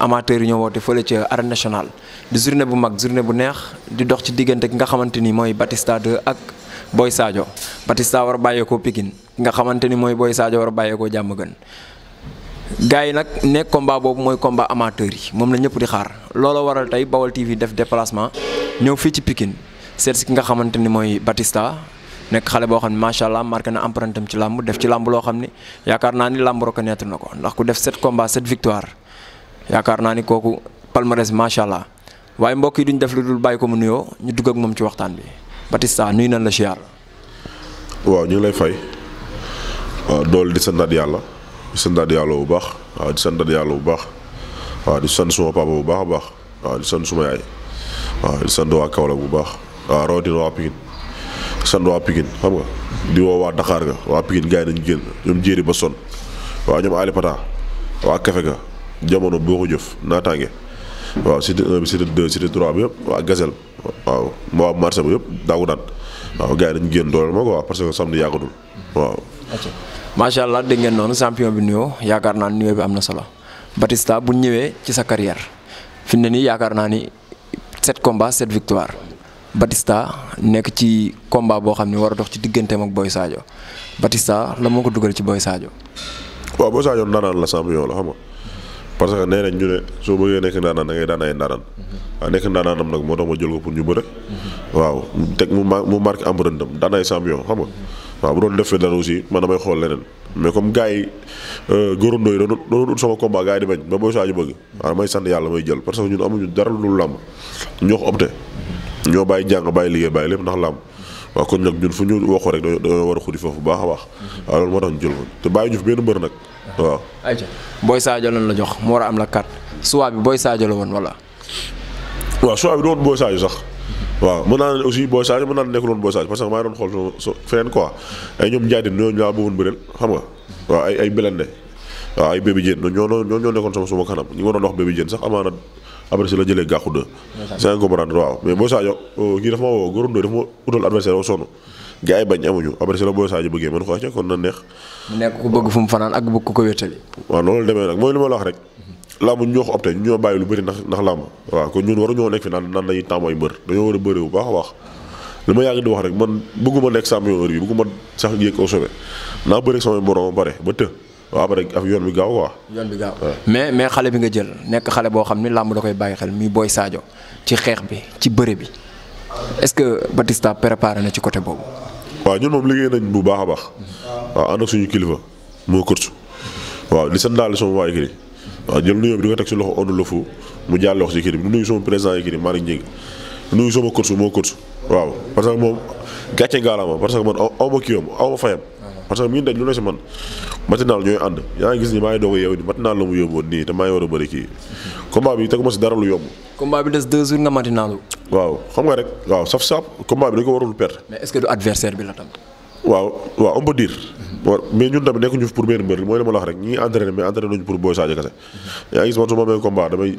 amateurs yi ñoo woote fële ca arène nationale di journée bu mag journée bu neex di dox ci diggante ki nga xamante ni mooy Batista 2 ak Boy Sadio Batista war a bàyyeekoo Pikine ki nga xamante ni mooy Boy saajo war a bàyyeekoo jàmm gën gars yi nag nekk combat boobu mooy combat amateurs yi moom la ñëpp di xaar looloo waral tey Bawal TV def déplacement ñëw fii ci Pikine seet si ki nga xamante ni mooy Batista nekk xale boo xam ne macha allah marqué na empruntam ci làmb def ci làmb loo xam ne yaakaar naa ni làmb reconnaître na ko ndax ku def sept combats sept victoire yaakaar naa ni kooku palmarès macha allah waaye mbokk yi duñu def lu dul bàyyi ko mu nuyoo ñu dugg ak moom ci waxtaan bi Batista nuyu nañ la siyaar. waaw ñu ngi lay fay waaw dool di santaat yàlla di santaat yàlla bu baax waaw di santaat yàlla bu baax waaw di sant suma papa bu baax a baax waaw di sant suma yaay waaw di sant waa Kaolack bu baax waaw rawatina waa Pikine di sant waa Pikine xam nga di woo waa nga waa Pikine gars yi nañu génn ñoom ba son waaw ñoom jamono boo ko jëf naataange. waaw cité 1 bi cité 2 cité 3 bi yëpp waa Gazelle waaw moo am marché bi yëpp daawu waaw gars dañu génn dooleel ma quoi parce que samedi yàggatul waaw. macha allah dégg ngeen noonu champion bi nuyoo yaakaar naa nuyoo bi am na solo Batista bu ñëwee ci sa carrière fi mu ne nii yaakaar naa ni sept combats sept victoire Batista nekk ci combat boo xam ne war a dox ci digganteem ak Boy Sadio Batista la moo ko dugal ci Boy saajo waaw Boy Sadio ndaanaan la parce que nee nañ ñu ne soo bëggee nekk ndaanaan da ngay daan ndaanaan mhm. waaw nekk ndaanaanam nag moo tax ma jël ko pour ñu bëre mhm. waaw teg mu mu marqué empreinte am daan ay champion xam nga mhm. waaw bu doon defee dara aussi man damay xool leneen mais comme gars yi euh, góorandoo yi doon doon sama combat gars di bañ ba booy saaju bëgg waaw damay sant yàlla may jël parce que ñun amuñu dara lu dul làmb ñoo ko opté ñoo bàyyi jàng bàyyi liggéey bàyyi lépp ndax làmb waaw kon ñu waxoo rek dañoo war a xuri bu baax a baax waaw loolu moo tax ñu jël ko waaw. ayca booy Sadio lan la jox mu war a am la carte choix bi booy Sadio la woon wala. waaw choix bi du woon booy Sadio sax. waaw mën naa ne aussi booy Sadio mën naa ne nekkul woon booy Sadio parce que maa doon xool so feneen quoi xam nga waaw ay ay Belende waaw ay Bébé Diène ñoo ñoo ñoo nekkoon sama kanam ñi waroon wax Bébé Diène sax la jëlee gàqu de. c'est incompréhensible waaw mais booy Sadio oh, kii dafa ma woo góor daf ma utal adversaire woo sonn. gaa yi bañ amuñu après si la booy Sadio bëggee mën ko acca kon na neex. nekk ku bëgg fu mu fanaan ak bëgg ku ko wéttali. waaw noonu la demee nag mooy li ma la wax rek. làmb ñu ñoo bàyyi lu bëri ndax ndax làmb waaw kon nekk fi naan naan dañuy tàmm a bëri bu baax a baax li ma di wax rek man bëgguma nekk champion heure bi bëgguma sax yéeg au sommet naa bëri sama borom ba pare ba të waaw après ak yoon bi gaaw quoi. yoon bi mais mais xale bi nga jël nekk xale boo xam ni làmb da koy bàyyi xel muy booy Sadio ci xeex bi ci bëre bi est-ce que Batista préparé na ci côté boobu. waaw ñun moom liggéey nañ bu baax a baax. waaw ànd ak suñu kilifa moo kërsu waaw li sant daal sama waa écurie waaw jël nuyoo bi di ko teg si loxo Onde Lofou mu jàlloo loxo si écurie bi di nuyu sama président écurie Malick moo kërsu waaw parce que moom gàcce ngaalaama parce que man aw ma kiiwam aw ma fayam. parce que mi ngi daj lu ne si man matinal ñooy ànd yaa ngi gis ni maa ngi doog a yeewu ni matinal la mu yóbboon nii te maa war a bëri kii combat bi tegu ma si dara lu yomb. combat bi des deux jours nga matinaalu. waaw xam nga rek waaw saf saaf combat bi dañ ko warul perdre. waaw waaw on peut mais ñun tamit nekkuñu pour benn mbër mooy la ma rek ñi entraîné mais entraîné nañu pour Boy Sadio kese. yaa ngi su ma su ma amul combat damay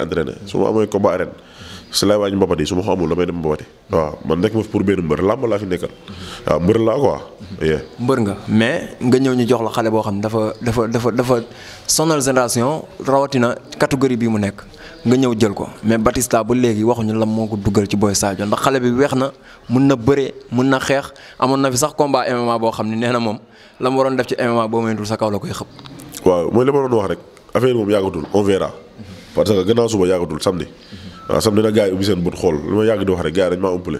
entraîné su ma amee combat arène. si laay waañ mbapat yi su ma ko amul damay dem mbapati waaw man nekk ma pour benn mbër làmb laa fi nekkal waaw mbër laa quoi mbër nga mais nga ñëw ñu jox la xale boo xam ne dafa dafa dafa dafa sonal génération rawatina catégorie bi mu nekk nga ñëw jël ko mais Batista ba léegi waxuñu lan moo ko duggal ci Boy Sadio ndax xale bi weex na mun na bëree mun na xeex amoon na fi sax combat MMA boo xam ne nee na moom la mu waroon def ci MMA boo moytul sa kaw la koy xëpp. waaw mooy li ma doon wax rek affaire moom yàggatul on verra parce que gannaaw suba yàggatul samedi. waaw samedi nag gars yi ubbi seen bët xool li ma yàgg di wax rek gars yi maa umpale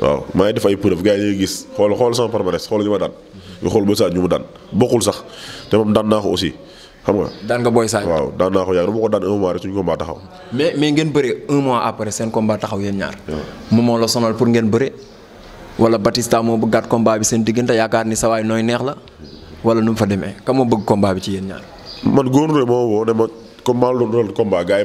waaw maa ngi def ay preuve gars yi dañuy gis xool xool sama palmarès xool ñu ma daan nga xool Boy Sadio ñu mu daan bokkul sax te moom daan naa ko aussi xam nga. daan nga Boy Sadio waaw daan naa ko yàgg ko daan un mois rek suñu combat taxaw. mais mais ngeen bëre un mois après seen combat taxaw yéen ñaar. moom moo la sonal pour ngeen bëre wala Batista moo bëggaat combat bi seen diggante yaakaar ni sa waay nooy neex la wala nu mu fa demee bëgg combat bi ci yéen ñaar. man góor woo ne ma comme maa doon combat gars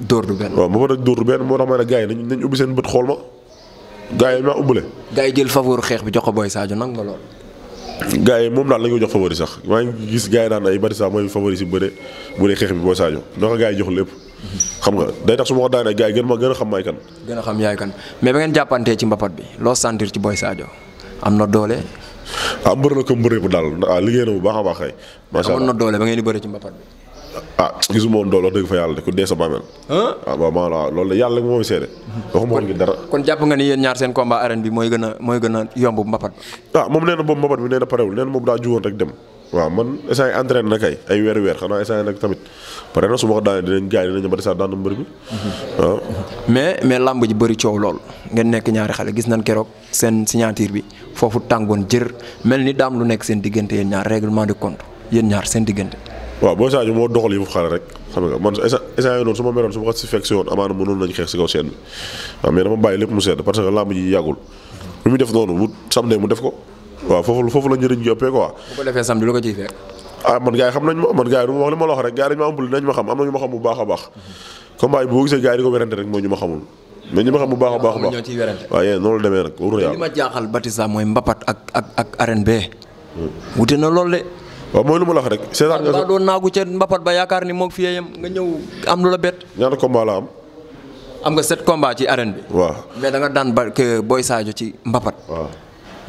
dóor du benn moo tax ma ne gars yi nañ nañ ubbi seen bët xool ma gars maa umbule. gars jël favori xeex bi jox ko Boy saajo nag nga lool. gars yi moom daal la ñu jox favori sax maa gis gars yi daan ay bari sax mooy favori si bëre bu bi Boy Sadio ndax gars jox lépp. xam nga day tax su ma ko daanee gars gën ma gën a xam maay kan. a xam yaay kan mais ba ngeen jàppantee ci Mbapat bi loo sentir ci Boy Sadio am na doole. ah mbër la ko mbër yëpp daal ah, liggéey na bu baax a baax xëy. macha allah amoon na doole ba ngeen di bëri ci Mbapat bi Ah, ah gisuma woon dool wax dëgg fa yàlla de ku dee sa bàmmeel. ah maa la loolu de yàlla mooy seede. waxuma woon ngi dara kon jàpp nga ni yéen ñaar seen combat arène bi mooy gën a mooy gën a yomb mbapat. ah moom nee na boobu mbapat bi nee parewul nee moom daa juwoon rek dem waaw man instant yi entraîné kay ay weer weer xanaa instant nag tamit pare na su ma ko daanee mbër bi mhm. ah. mais mais làmb ji bëri coow lool ngeen nekk ñaari xale gis nañ keroog seen signature bi foofu tàngoon jër mel ni daam lu nekk seen diggante yéen ñaar règlement de compte yéen ñaar seen diggante waaw booy Sadio moo doxal yëfu xale rek xam nga man esa esa su ma ko si fekk si woon amaana mënoon nañu xeex si kaw seen bi waaw mais dama bàyyi lépp mu sedd parce que làmb ji yàggul lu muy def noonu mu samedi mu def ko waaw foofu foofu la njëriñ yoppee quoi. ko defee samedi lu ko ah, man gars yi xam nañ ma man gars yi du ma wax li ma la rek gars yi na ñu ma xam bu baax a baax combat bi boo gisee gars yi di ko werante rek mooy ñu ma xamul mais ñu ma xam bu baax a baax baax waaw yéen noonu la demee nag wute na lool de waaw mooy lu ma la wax rek. seetaan nga doon naagu ca mbapat ba yaakaar ni moog fii yam nga ñëw am lu la bett. ñaata combat la am. am nga sept combat ci arène bi. waaw mais nga daan ba Boy Sadio ci mbapat. waaw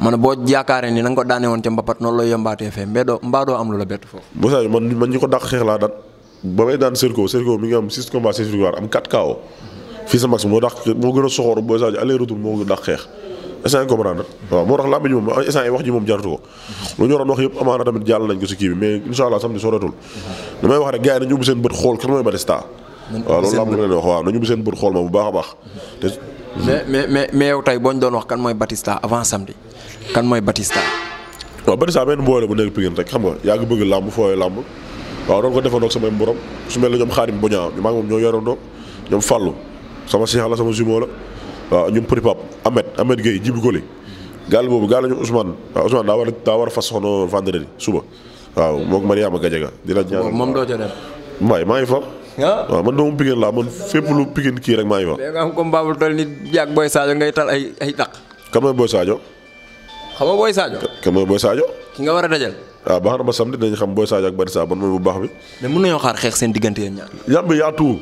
man boo yaakaaree ni na nga ko woon ca mbapat la yombaatee fee mais doo mbaa doo la bett foofu. Boy Sadio man man ñi moo dàq moo gën a soxor Boy Sadio aller retour moo gën a xeex. instant yi comprendre waaw moo tax làmb ji moom instant yi wax ji moom jaratu ko lu ñu wax yëpp amaana tamit jàll nañ ko si kii bi mais insha allah samedi Batista waaw mais mais mais boo ñu doon wax kan mooy Batista avant samedi kan mooy Batista waaw Batista benn mbooy la bu nekk Pikine rek xam nga yaa ngi bëgg làmb fooy làmb waaw doon ko defandoog samay mborom su mel ne ñoom xaarim boñaa ñu maa ngi moom ñoo yoroondoo ñoom fàllu sama seex la sama jumeau la waaw ñoom Petit Pape Ahmed Ahmed Gueye Djibi gaal boobu gaal la ñu waaw Ousmane daa war a daa war a fas soxna vendredi suba waaw moom di la ñaan moom doo ca dem maay maa ngi fa ah? waaw man doomu Pikine laa man fépp lu Pikine kii rek maa ngi fa da nga am ngay tal ay taq kan mooy Boy xam nga Boy Sadio kan mooy ki nga war a dajal waaw ah, baax na ba samedi dinañ xam booy Sadio ak Barissa man man bu baax bi mais mën nañoo xaar xeex seen diggante yéen ñaar yàmb yaa tuur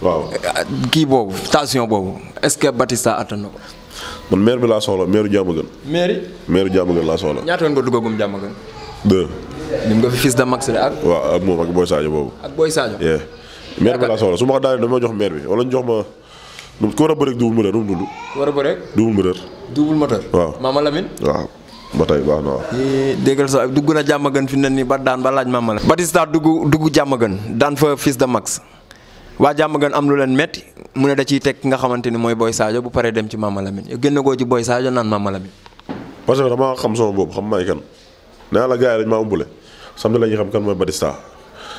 waaw kii boobu station boobu est-ce que Batista attan na ko. man maire bi laa soxla maire Diamaguène. maire yi maire Diamaguène laa soxla. ñaata yoon nga duggagum Diamaguène. deux. nga fi fils de Max la ak. waaw ak boobu. ak Boy Sadio. yee maire bi laa soxla su ma ko daanee dama jox maire bi wala ñu jox ma ku war a bëreeg double moteur nu mu tudd. ku war a bëreeg. double moteur. double waaw Mama Lamine. waaw na waaw. déggal sa dugg na Diamaguène daan ba laaj Mama Lamine. Batista dugg dugg Diamaguène daan fa fils de Max. waa jàmm gën am lu leen metti mu ne da ciy teg nga xamante ni mooy Boy Sadio bu paree dem ci Mama Lamine gën na koo ci Boy Sadio naan Mama Lamine. parce que damaa xam sama boobu xam may kan nee la gars yi dañ maa la ñuy xam kan mooy Batista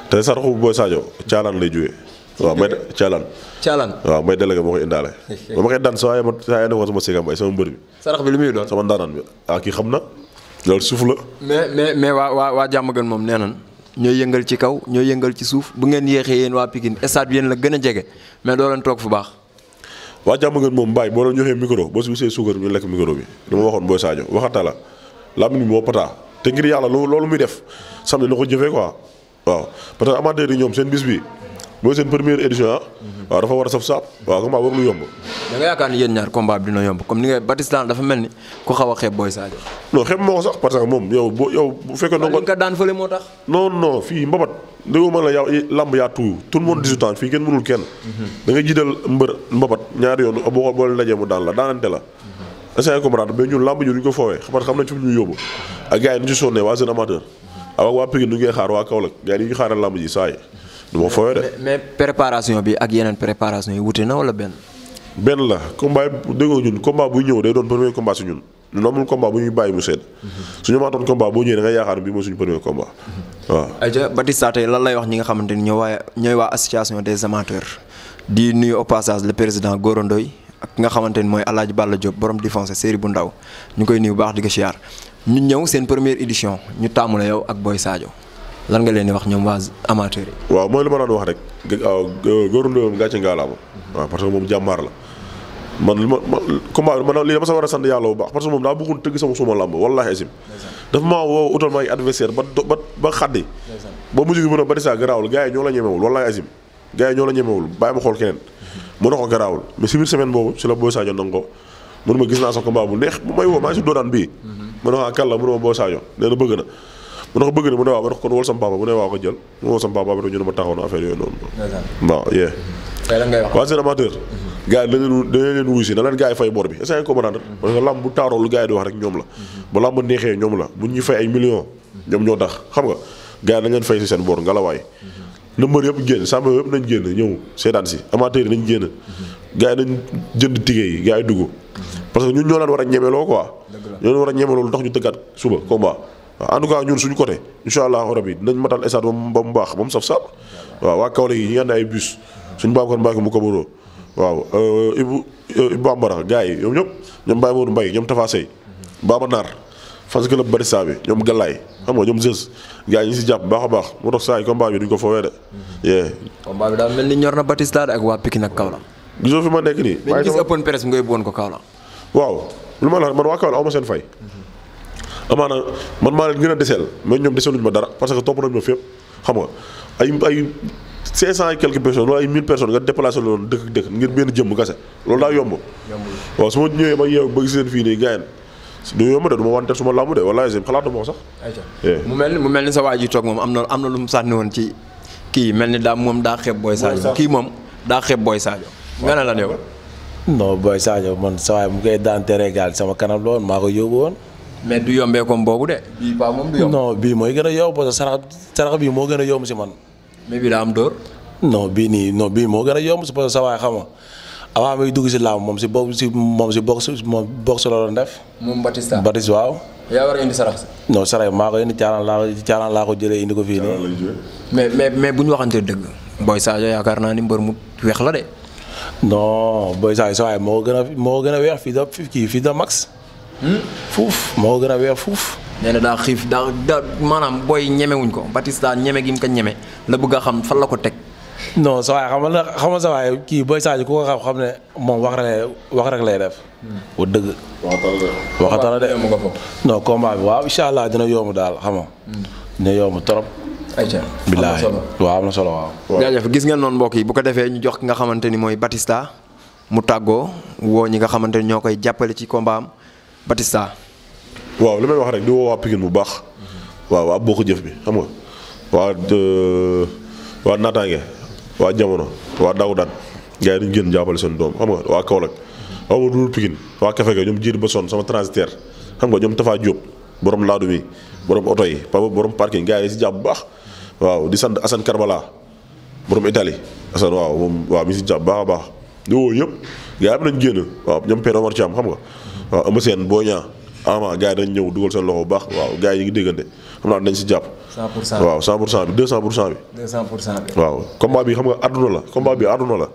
te saraxu Boy Sadio caalaan lay jógee. waaw may moo koy indaale ba ma koy daan saa yema saa yenn ko sama sigam ay sama mbër bi sarax bi li muy doon sama ndaanaan bi ah kii xam na loolu suuf la mais mais waa waa waa jàmm gën moom nee nan ñooy yëngal ci kaw ñooy yëngal ci suuf bu ngeen yéexee yéen waa Pikine stade bi yéen la gën a jege mais doo leen toog fu baax. waa jàmm ngeen moom Mbaye boo doon joxee micro boo si gisee suukar ñu lekk micro bi li ma waxoon booy Sadio waxata la Lamine moo pata te ngir yàlla loolu muy def samedi na ko jëfee quoi waaw parce que amateur yi ñoom seen bis bi mooy seen première édition ah. waaw dafa war a saf saab waaw combat boobu lu yomb. da nga yaakaar ni yéen ñaar combat bi dina yomb comme ni nga a xeeb Boy Sadio. non ko sax parce que moom yow boo yow bu fekkee. waaw moo tax. non non fii mbabat déggoo ma la yow lamb yaa tuuyu tout le monde fii kenn mënul kenn. Mhm. da jiital mbër mbabat ñaari yoon boo ko boole dajee mu daan la daanante la. Mhm. essayé comprendre mais ñun lamb ñu duñ ko foowee parce que xam nañ fi ñu yóbbu ak gars yi ñu ci sonnee waa seen amateur du ma fooyoo de. mais préparation bi ak yeneen préparation yi wute na wala benn. benn la combat yi déggoo ñun combat buy ñëw day doon premier combat si ñun ñun amul bu ñuy bàyyi mu sedd. Mhm. su ñu maatoon combat boo ñëwee da nga bi mooy suñu premier combat waaw. ayca Batista lan lay wax ñi nga xamante ni ñoo waaye ñooy waa association des amateurs di nuyu au passage le président Goro Ndoye ak nga xamante ni mooy El Hadj Balla Diop borom défense série bu ndaw ñu koy nuyu baax di ko siyaar ñu ñëw seen première édition ñu taamu la yow ak Boy Sadio. lan nga leen di wax ñoom waa amateur yi. waaw mooy li ma daan wax rek góor na moom gàcce ngaalaama waaw parce que moom la man ma combat man a sant yàlla bu baax parce que moom daa bëggoon tëgg sama ba ba ba xaddi ba ba disaa garaawul gars yi ñoo la ñemewul wallaahi asim gars yi ñoo la ñemewul bàyyi ma xool keneen mu ne ko garaawul mais si biir semaine boobu si la Boy Sadio nangu ko gis naa sa combat bu neex bu may woo maa ngi si doodaan bii mhm. mu ne ko ah, kan la mu ne ma Boy Sadio nee bëgg na mu ne ko bëgg na mu ne waaw ma ne ko kon wol sama papa mu ne waaw ko jël mu wol sama papa ba ñu ne ma taxaw na affaire yooyu noonu. waaw yee. waaw seen amateur. Mhm. gars yi dañu leen dañu leen wuyu si na leen gars yi fay bor bi est-ce que comprendre mhm. parce que lamb bu taaroo lu gars yi di wax rek ñoom la mhm. ba lamb neexee ñoom la bu ñuy fay ay millions ñoom ñoo tax xam nga gars yi dañ leen fay si seen bor ngalawaay na mbër yëpp génn sàmm yëpp nañ génn ñëw seetaan si amateur yi nañ génn gars yi nañ jënd tige yi gars yi dugg parce que ñun ñoo laan war a ñemeloo quoi ñoo leen war a ñemeloo lu tax ñu tëggaat suba combat en tout cas ñun suñu côté incha allahu rabi dinañ matal stade ba mu baax ba mu saf sàpp waaw waa Kaolack yi ñu ànd ay bus suñu Babacar Mbacke mu kabaroo waaw euh, Ibou euh, Ibou Bambara gars yi ñoom ñëpp ñoom Mbaye ñoom Tafa Sey Baba Naar fans club si jàpp baax a baax moo tax saa yi combat bi duñ ko foowee de. combat bi daal mel ni ñor na Batista ak waa Pikine ak Kaolack. gisoo fi ma nekk nii. waaye gis open press ngay bon ko kaw Kaolack. waaw lu ma la man waa Kaolack aw ma seen fay. amaana man maa leen gën a deseel mais ñoom deseeluñu ma dara parce que topp nañu ma fépp xam nga ay ay 500 et quelques personnes wala ay 1000 personnes nga déplacé loolu dëkk dëkk ngir benn jëmm kase loolu daa yomb. waaw su ma ñëwee ma yeew ba gis leen fii nii gaayen du yomb de du ma wanteer su ma làmb de wala xalaatuma ko sax. Eh. mu mel ni mu mel ni sa waa ji toog moom am na am na lu mu sànni woon ci kii mel ni daa moom daa xeeb Boy Sadio kii moom daa xeeb Boy Sadio. nga ne la yow. non Boy man saa mu koy daan tere gaal sama kanam la woon maa mais du yombee comme boobu de. bii bii mooy gën a yomb parce que sarax sarax bii moo gën a yomb si man. mais bi daa am dóor. no bii nii non bii moo gën a yomb si parce que sa waay xam nga avant muy dugg si moom si bo si moom si box moom box la doon def. moom Batista a indi sarax si. non sarax maa ko indi caalaan laa ko caalaan laa ko jëlee indi ko fii nii. mais mais mais bu ñu waxantee dëgg. Boy Sadio yaakaar naa ni mbër mu weex la de. non Boy Sadio sa moo gën a moo gën a weex fii sa kii fii da max. fuuf moo gën a weex fuuf. nee daa xiif daa daa maanaam booy ñemewuñ ko Batista ñeme gi mu ko ñeme la bëgg a xam fan la ko teg. non sa waay xam nga kii Boy Sadio ko xam xam ne moom wax rek wax rek lay def. bu dëgg. waxtaan la de waxtaan la de. waaw incha allah dina yomb daal xam nga. dina yomb trop. ayca billaahi waaw am na solo waaw. jaajëf gis ngeen noonu mbokk yi bu ko defee ñu jox ki nga xamante ni mooy Batista mu tàggoo woo ñi nga xamante ni ñoo koy jàppale ci combat Batista. waaw li may wax rek di woo waa bu baax. waaw waa bokk jëf bi xam nga waa waa Naataange waa Jamono waa Daoudan gars yi dañu gën jàppale seen doom xam nga waa Kaolack. waaw ma dul Pikine waa Kafe ba sonn sama transitaire xam nga ñoom Tafa Diop borom laadu bi borom oto yi borom parking gars yi bu baax. waaw di sant Assane Karbala borom Italie Assane waaw moom waaw mi si jàpp baax a baax di woo yëpp gars yi am nañu génn waaw ñoom Père Omar Thiam xam nga. waaw Eumeu Sène Boy Niang ama dañ ñëw dugal seen loxo bu baax waaw gars yi ñu ngi déggante xam naa dañ si jàpp. 100% waaw 100% bi 200% bi. 200% bi waaw combat bi xam nga àdduna la combat bi àdduna la.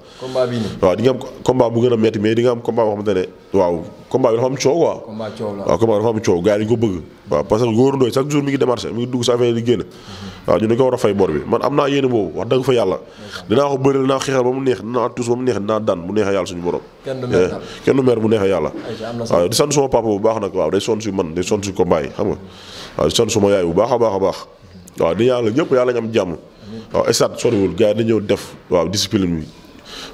waaw di am combat bu gën a metti mais di nga am combat boo xamante ne. waaw combat bi dafa am coow quoi. combat coow la waaw combat dafa am coow gars dañu ko bëgg. waaw parce que góor ndooy chaque jour mi ngi démarché mi ngi dugg sa affaire di waaw ñu dañu ko war a fay bor bi man am naa yéene boobu wax dëgg fa yàlla. dinaa ko bëri dinaa xeexal ba mu neex dinaa tuus ba mu neex dinaa daan bu neexee yàlla suñu borom. kenn du mer eh, kenn du mer yàlla. waaw di sant suma papa bu baax nag waaw day sonn si man day sonn si combat xam nga. waaw di a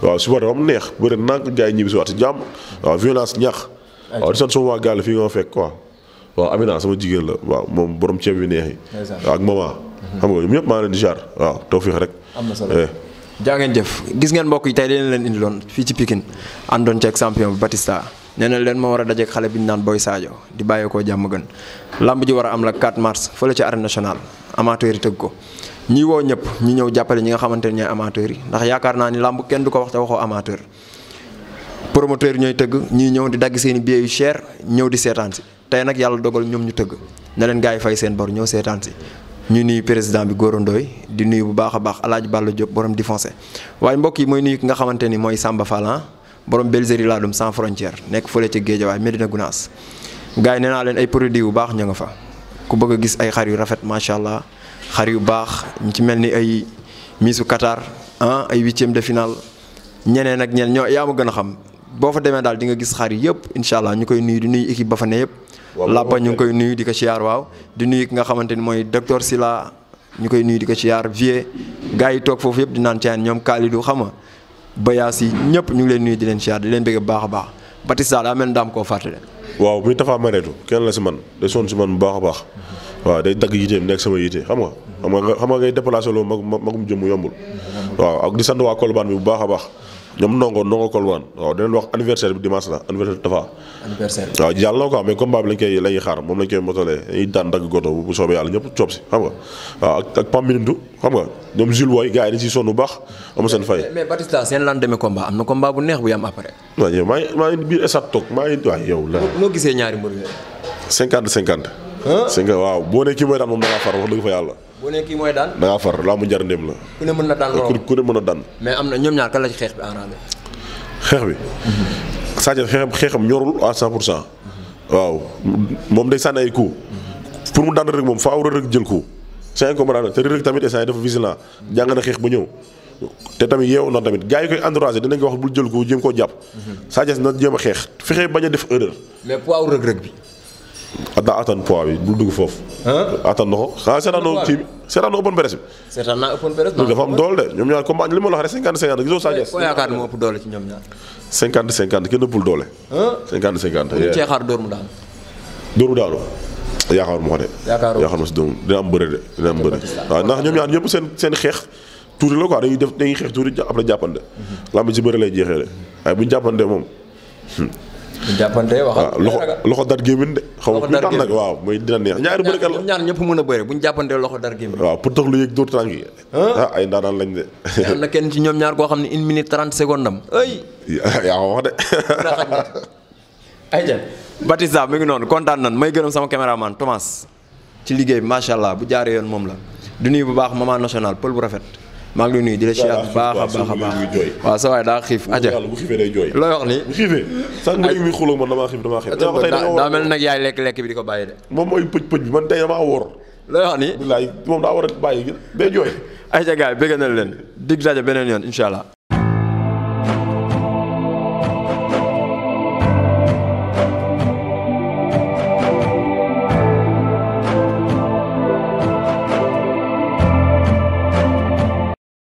waaw supporter ba mu neex bëri nànk gars yi ñibbi si waat si jàmm waaw violence ñax. waaw di sant sama waa gàll fii nga ma fekk quoi waaw Amina sama jigéen la waaw moom borom ceeb yu neex yi. ak maman. xam nga ñoom ñëpp maa leen di jaar waaw tawfeex rek. am na solo eh. jaa ngeen jëf gis ngeen mbokk yi tey dañ leen indiloon fii ci Pikine àndoon ceeg champion bu Batista nee na leen moo war a dajeeg xale bi ñu naan Boy Sadio di bàyyeekoo jàmm gën lamb ji war a am la 4 mars fële ci arène nationale amateur yi tëgg ko ñi woo ñëpp ñi ñëw jàppale ñi nga xamante ne ñooy amateurs yi ndax yaakaar naa ni làmb kenn du ko wax te waxoo amateur promoteur ñooy tëgg ñuy ñëw di dagg seeni i billets yu cher ñëw di seetaan tey nag yàlla dogal ñoom ñu tëgg na leen gars yi fay seen bor ñëw seetaan si ñu nuyu président bi Gora Ndoye di nuyu bu baax a baax El Hadj Balla Diop borom di foncé waaye mbokk yi mooy nuyu ki nga xamante ni mooy Samba Fallan ah, borom Belgérie Ladoum sans frontière nekk fële ca Guédiawaye Medina Gounass gars yi nee naa leen ay produits bu baax ñu nga fa ku bëgg gis ay xar yu rafet macha allah xar yu baax ñu ci mel ni ay miisu Qatar ah ay huitième de finale ñeneen ak ñeneen ñoo yaa ma gën a xam boo fa demee daal di nga gis xar yi yëpp incha allah ñu koy nuyu di nuyu équipe ba fa ne yëpp. làppa ñu koy nuyu di ko siyaar waaw. di nuyu ki nga xamante ni mooy docteur Sila ñu koy nuyu di ko siyaar Vieux gars yi toog foofu yëpp di naan caayin ñoom Kalidou xam nga bayaas yi ñëpp ñu ngi leen nuyu di leen siyaar di leen bëgg baax a baax Batista daa mel ni daam koo fàttali. waaw muy Tafa Maretu kenn la si man de si man bu baax. waaw day dagg yiteem nekk sama yite xam nga. xam nga xam nga ngay déplacé loo mag magum jëmm yombul. waaw ak di sant waa Colobane bi bu baax a baax. ñoom nongo nongo Colobane waaw dinañ wax anniversaire bi dimanche la anniversaire Tapha. anniversaire waaw jàll na quoi mais combat bi lañ koy lañuy xaar moom lañ xam nga. waaw ak ak Pam Bindu xam nga ñoom Jules baax amu seen fay. mais Batista seen lendemain combat am na combat bu neex bu yam après. waaw yow maa ngi maa ngi biir stade toog maa ngi waaw yow. la si nga waaw boo ne kii mooy daan moom da far wax dëgg fa yàlla boo ne kii mooy daan da ngaa far laa mu jar ndéem la ku ne mën na daan ku am na ñoom ñaar kan la ci xeex bi xeex bi Sadio xeexam xeexam ñorul à cent pour waaw moom day sànni coup pour mu daan rek moom faaw rek jël coup c'est incommodant te rek tamit instant dafa naa jàng na xeex ba ñëw te tamit yeewu na tamit gars yi koy entouragé dinañ ko wax bul jël ko jéem koo jàpp. Mhm. Sadio na jéem a xeex fexee bañ a def erreur. mais bi. daa attan poids bi dugg foofu. attan na ko ah seetaanoo kii bi seetaanoo open press bi. seetaan naa open press dafa am doole de ñoom ñaar combat li ma la wax rek 50 50 gisoo Sa Thiès. koo moo doole ci ñoom ñaar. bu daanu. dóor mu daanu. yaakaar ma ko de. yaakaar ma si dóor dina am bëre de dina am bëre. waaw ndax ñoom ñaar ñëpp seen seen xeex. tuuti la quoi dañuy def dañuy xeex tuuti après jàppante. Mhm. lamb ci bëre lay jeexee de waaye bu ñu moom hmm, ñu jàppante wax. loxo loxo dar gémmiñ de. xaw ma kuy nag waaw mooy dina neex. ñaari bëri kan la ñaar ñëpp mën a bëri bu ñu jàppante loxo dar gémmiñ. waaw pour tax lu yëg dóor tànk yi. ah ay lañ de. am na kenn ci ñoom ñaar koo xam ne une minute trente secondes am. ay yaa wax de. ayca Batista mi ngi noonu kontaan nan may gërëm sama caméraman Thomas ci liggéey bi macha allah bu jaaree yoon moom la du bu baax maman national pël bu rafet maa ngi lay nuyu di la siyaat bu baax a baax a baax waaw sa waay daa xiif aja bu xiifee looy wax ni bu xiifee sax nga ñuy xuloo man damaa xiif damaa xiif daa mel nag yaay lekk-lekk bi di ko bàyyi de moom mooy pëj pëj bi man tey damaa wóor looy wax ni moom daa war a bàyyi day jooy ay ja gaay bëgg na leen dig daje beneen yoon incha allah